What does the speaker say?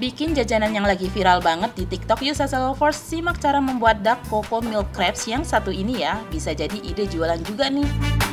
Bikin jajanan yang lagi viral banget di TikTok yuk Sasa Lovers, simak cara membuat dark cocoa milk crepes yang satu ini ya. Bisa jadi ide jualan juga nih.